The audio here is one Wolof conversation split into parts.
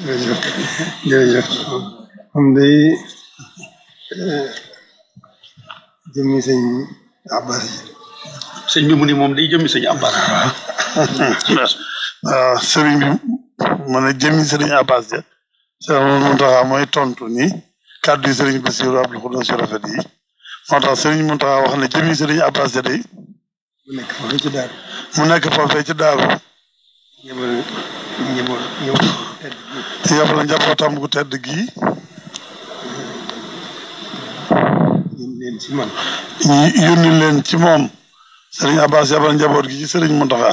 jërëjëf jërëjëf am day eh, jëmmi sëñ Abbas sëñ bi mu ni moom day jëmmi sëñ Abbas waaw ah, sëriñ bi mu ne jëmmi sëriñ Abbas ja sëriñ Muntaxa mooy tontu ni kàddu yi sëriñ Basiru Abdul Xudoos yu rafet yi moo tax sëriñ Muntaxa wax ne jëmmi sëriñ Abbas ja day mu nekk foofee ci daaru mu nekk foofee ci daaru njaboot njabootam gu tedd gii. yab la njabootam leen ci man. yónni leen ci yabal njaboot gi ci sëriñ Mountakha.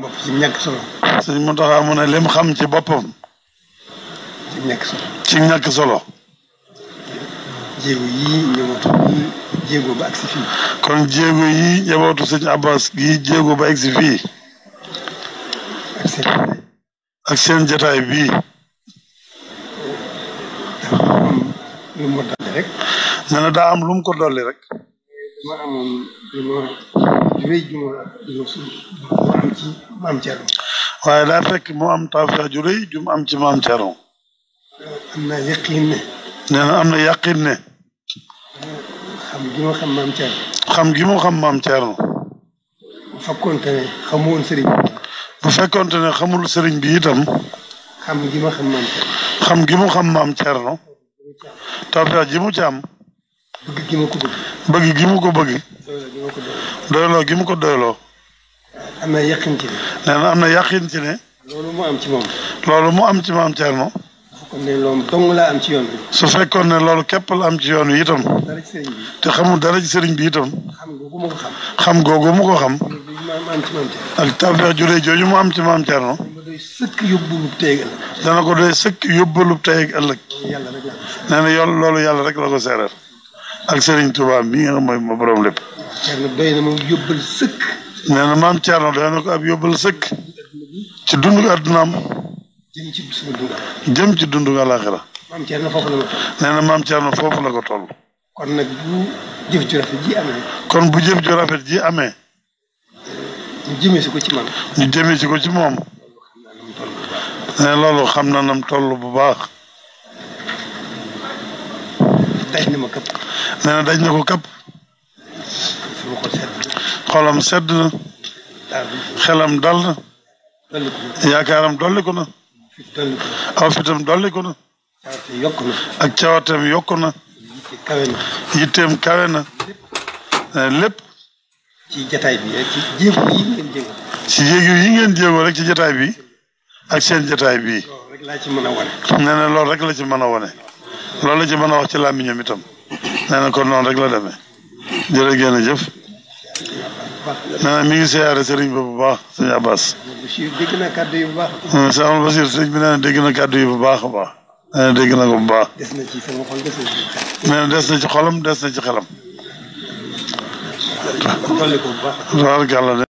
bopp ci ñàkk solo. sëriñ xam ci boppam. ci ñàkk solo. jéego ba agsi fii. kon jéego yi njabootu sëñ Abbas gi jéego ba agsi fii. ak seen jotaay. ak seen jotaay bii. lu mu na daa am lu mu ko dolli rek. dama amoon am ci maam Thierno. waaye daa fekk mu am tawfeex ju am ci maam am na yaqin ne. nee am na yaqin ne. xam gi ma xam maam Thierno. xam gi ma xam maam Thierno. bu fekkonte ne fekkonte ne xamul sëriñ bi itam. xam gi ma xam maam Thierno. xam gi mu xam maam Thierno. ji mu ci am. gi mu ko bëgg. bëgg gi mu ko bëgg. doyloo gi am na yàqin ci am na yàqin loolu mu am ci moom. loolu mu kon de loolu dong laa am ci yoon bi. su fekkoon ne loolu képp am ci yoon wi itam. te xamul dara ci sëriñ bi itam. xam googu mu xam. xam googu mu ko am ci maam ko doy sëkk yóbbalub tey ak yoon loolu yàlla rek la ko seeral. ak Serigne Touba bi nga xam ma borom lépp. Thierno ab yóbbal sëkk. ci dundu jëm ci sunu dund jëm ci dundu àllaaxira. maam Thierno la ko toll. nee na maam foofu la ko toll. kon nag bu jëf ju ji amee. kon bu jëf rafet ji amee. ñu jëmee si ko ci ko ci moom. ne loolu xam na nam bu baax. daj na ma këpp. nee na daj ko këpp. xolam sedd na. xelam dal na. yaakaaram dolliku na. aw fitam dolliku na ak cawateem yokku na yitteem kawe na eh, lépp ci jataay bi yi ngeen jéego ci ci jataay bi ak seen jataay bi nee na loolu rek la ci mën a wone loolu la ci mën a wax ci làmmiñam itam nee kon noonu rek la demee jërë ngeen jëf nee na mi ngi siyaare sëriñ bi bu baax sëriñ Abbas. dégg na kàddu yi bu baax. sëriñ Amadou Bachir sëriñ bi na dégg na kàddu bu baax a baax. nee dégg na ko bu baax. des na ci sama xol des des na ci xolam des na ci xelam.